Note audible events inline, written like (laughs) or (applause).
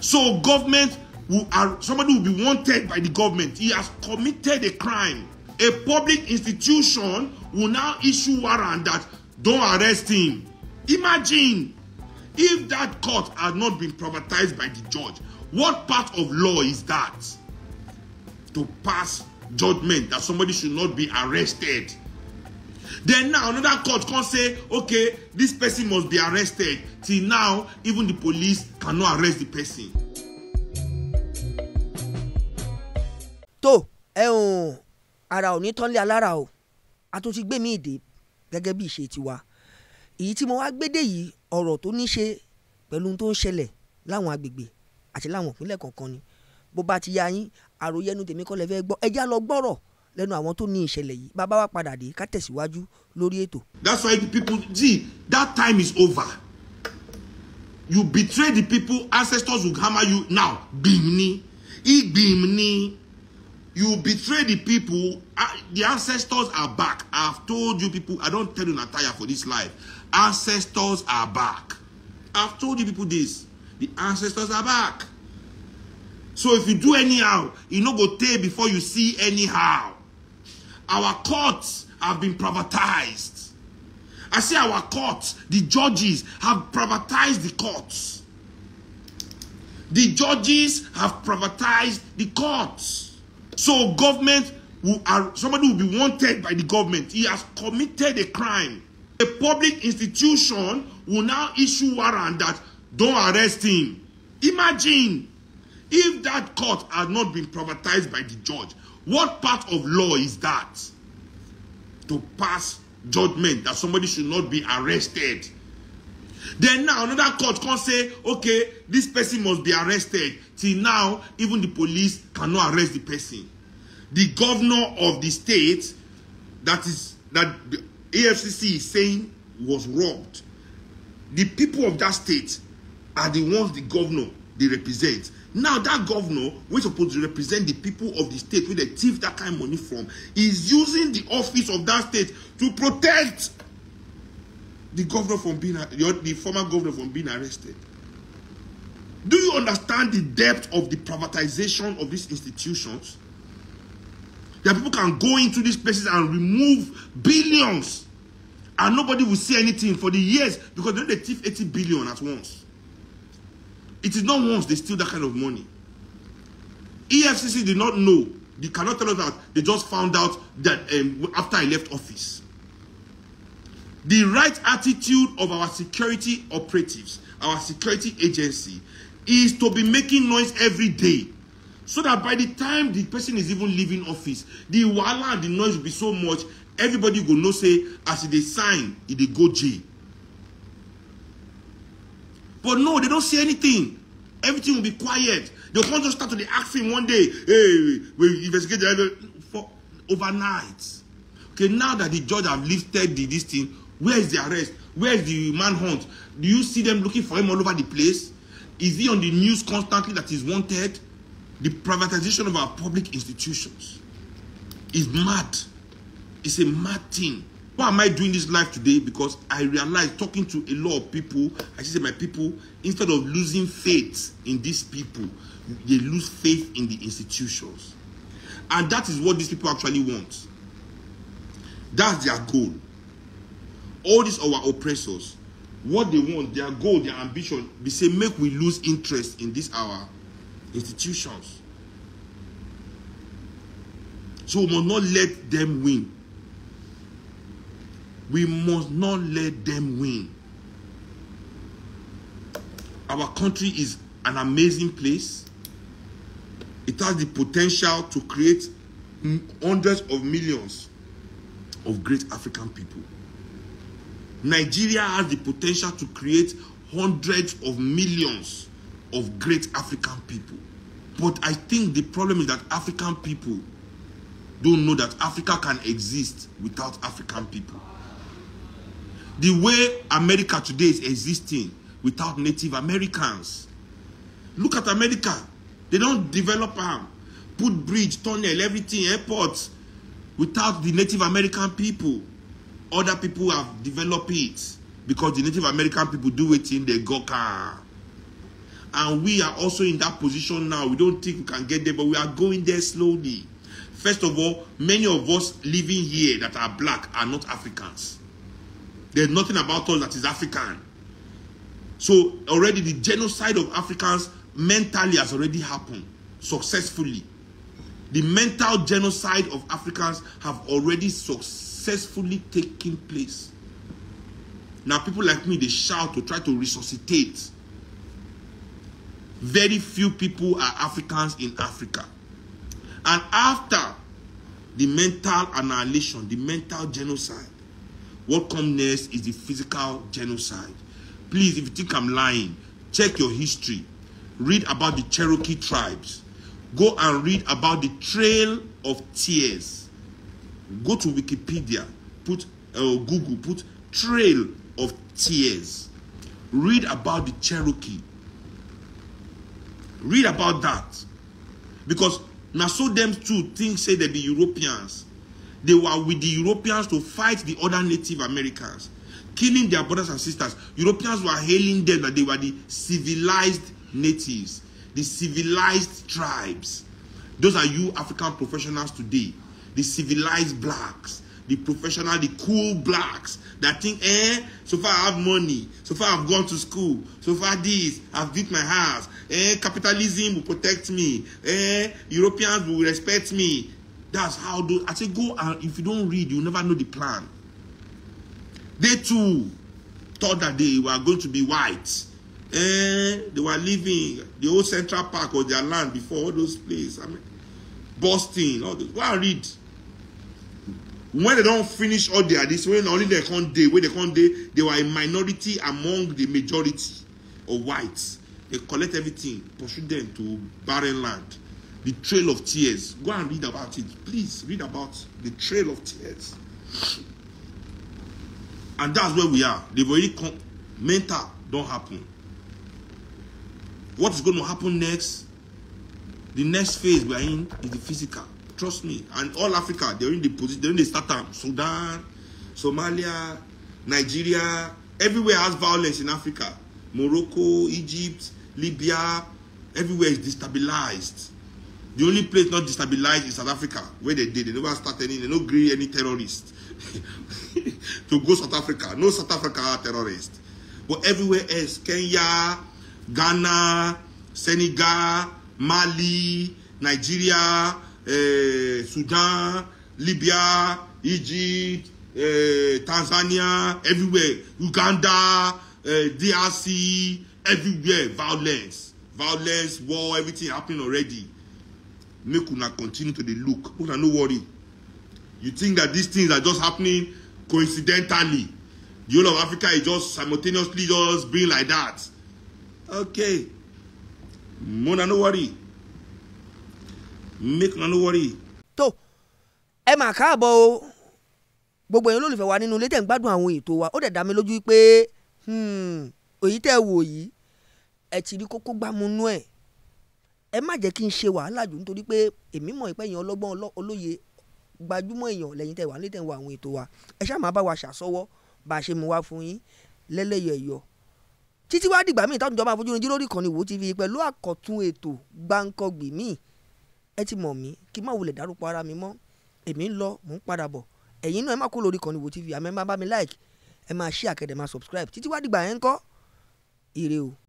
So government will somebody will be wanted by the government. He has committed a crime. A public institution will now issue warrant that don't arrest him. Imagine if that court had not been privatized by the judge. What part of law is that? To pass judgment that somebody should not be arrested. Then now another court can say, okay, this person must be arrested. Till now, even the police cannot arrest the person. tó ẹ̀hún ara ò ní tán lé alára o a tún ti gbé mi ìdè gẹ́gẹ́ bí ìṣe tiwa èyí tí mo wá gbédè yìí ọ̀rọ̀ tó ní ṣe pẹ̀lú tó ń ṣẹlẹ̀ láwọn agbègbè àti láwọn ìpínlẹ̀ kọ̀ọ̀kan ni bó bá ti ya yín àròyé ẹnu tèmi kọ́ lẹ fẹ́ gbọ́ ẹja lọ gbọ́rọ̀ lẹ́nu àwọn tó ní ìṣẹ̀lẹ̀ yìí bàbá wa padà dé ká tẹ̀síwájú lórí ètò. that's why the people see that time is over you betray the people ancestors will hammer you now gbìm ni igbìm ni you betray the people uh, the ancestors are back i have told you people i don tell you na tire for this life ancestors are back i have told you people this the ancestors are back so if you do anyhow e no go tey before you see anyhow Our courts have been privatized. I say our courts, the judges have privatized the courts. The judges have privatized the courts. So government will, somebody will be wanted by the government. He has committed a crime. A public institution will now issue warrant that don't arrest him. Imagine if that court had not been privatized by the judge, What part of law is that? To pass judgment that somebody should not be arrested. Then now another court can say, okay, this person must be arrested. Till now, even the police cannot arrest the person. The governor of the state that is that the AFCC is saying was robbed. The people of that state are the ones the governor they represent. Now that governor, we're supposed to represent the people of the state where they thief that kind of money from, is using the office of that state to protect the governor from being the former governor from being arrested. Do you understand the depth of the privatization of these institutions? That people can go into these places and remove billions and nobody will see anything for the years because they thief 80 billion at once. It is not once they steal that kind of money. EFCC did not know. They cannot tell us that. They just found out that um, after I left office. The right attitude of our security operatives, our security agency, is to be making noise every day. So that by the time the person is even leaving office, the wahala and the noise will be so much, everybody will know say, as they sign, it they go jail. But no, they don't say anything. Everything will be quiet. They can't just start to the action one day. Hey, we investigate the for overnight. Okay, now that the judge have lifted the, this thing, where is the arrest? Where is the manhunt? Do you see them looking for him all over the place? Is he on the news constantly that he's wanted? The privatization of our public institutions is mad. It's a mad thing why am I doing this life today? Because I realized talking to a lot of people, I say my people, instead of losing faith in these people, they lose faith in the institutions. And that is what these people actually want. That's their goal. All these our oppressors, what they want, their goal, their ambition, they say make we lose interest in these our institutions. So we must not let them win we must not let them win. Our country is an amazing place. It has the potential to create hundreds of millions of great African people. Nigeria has the potential to create hundreds of millions of great African people. But I think the problem is that African people don't know that Africa can exist without African people. The way America today is existing without Native Americans. Look at America. They don't develop am. Put bridge, tunnel, everything, airports without the Native American people. Other people have developed it because the Native American people do it in the car, And we are also in that position now. We don't think we can get there, but we are going there slowly. First of all, many of us living here that are black are not Africans. There's nothing about us that is African. So already the genocide of Africans mentally has already happened successfully. The mental genocide of Africans have already successfully taken place. Now people like me, they shout to try to resuscitate. Very few people are Africans in Africa. And after the mental annihilation, the mental genocide, What comes next is the physical genocide. Please, if you think I'm lying, check your history. Read about the Cherokee tribes. Go and read about the Trail of Tears. Go to Wikipedia, put uh, Google, put Trail of Tears. Read about the Cherokee. Read about that. Because now so them two things. say they be Europeans. They were with the Europeans to fight the other Native Americans, killing their brothers and sisters. Europeans were hailing them that they were the civilized natives, the civilized tribes. Those are you African professionals today, the civilized blacks, the professional, the cool blacks that think, eh, so far I have money, so far I've gone to school, so far this, I've built my house, eh, capitalism will protect me, eh, Europeans will respect me, That's how do I say go and if you don't read, you never know the plan. They too thought that they were going to be white. Eh, they were living the old Central Park or their land before all those places. I mean, Boston, all those. Go and read. When they don't finish all their this, when only they can't day, when they can't day, they were a minority among the majority of whites. They collect everything, pursue them to barren land. The Trail of Tears. Go and read about it. Please read about the Trail of Tears. And that's where we are. The very come. Mental don't happen. What is going to happen next? The next phase we are in is the physical. Trust me. And all Africa, they're in the position, they're in the startup. Sudan, Somalia, Nigeria, everywhere has violence in Africa. Morocco, Egypt, Libya, everywhere is destabilized the only place not destabilized is south africa where they did they never start any they no gree any terrorist (laughs) to go south africa no south africa terrorist but everywhere else kenya ghana senegal mali nigeria eh, sudan libya egypt eh, tanzania everywhere uganda eh, drc everywhere violence violence war everything happening already make una continue to dey look make una no worry you think that these things are just happening coincidentally the whole of africa is just simultaneously just being like that okay mona no worry make una no worry. tó ẹ mà káàbọ̀ o gbogbo ẹ̀yin olólùfẹ́ wa nínú ilé tẹ̀ ń gbádùn àwọn ètò wa ó dẹ̀ dá mi lójú pé hmm, èyí tẹ́ ẹ wò yìí ẹ ti rí kókó gbámúnú ẹ̀ ẹ má jẹ́ kí n ṣe wàhálà jù nítorí pé èmi mọ̀ ìpẹ́ èèyàn ọlọ́gbọ́n olóye gbajúmọ̀ èèyàn lẹ́yìn tẹ̀ wá nílé tẹ̀ wá àwọn ètò wa ẹ ṣáà máa bá wa ṣàsọwọ́ bá a ṣe mú wa fún yín lẹ́lẹ́yẹ̀yọ̀ títí wá dìgbà míì táwọn ìjọba àfojúrin jíròrò ìkànnì Wo TV pẹ̀lú àkọ́tún ètò gbáǹkọ́gbì míì ẹ ti mọ̀ mí kí n má wulẹ̀ dárúkọ ara mi mọ́ èmi ń lọ mò ń padà bọ̀ ẹ̀yin náà ẹ má kó lórí ìkànnì Wo TV àmọ́ ẹ má bá mi like ẹ máa share kẹ́dẹ̀ máa subscribe títí wá dìgbà yẹn ń kọ́ ire o.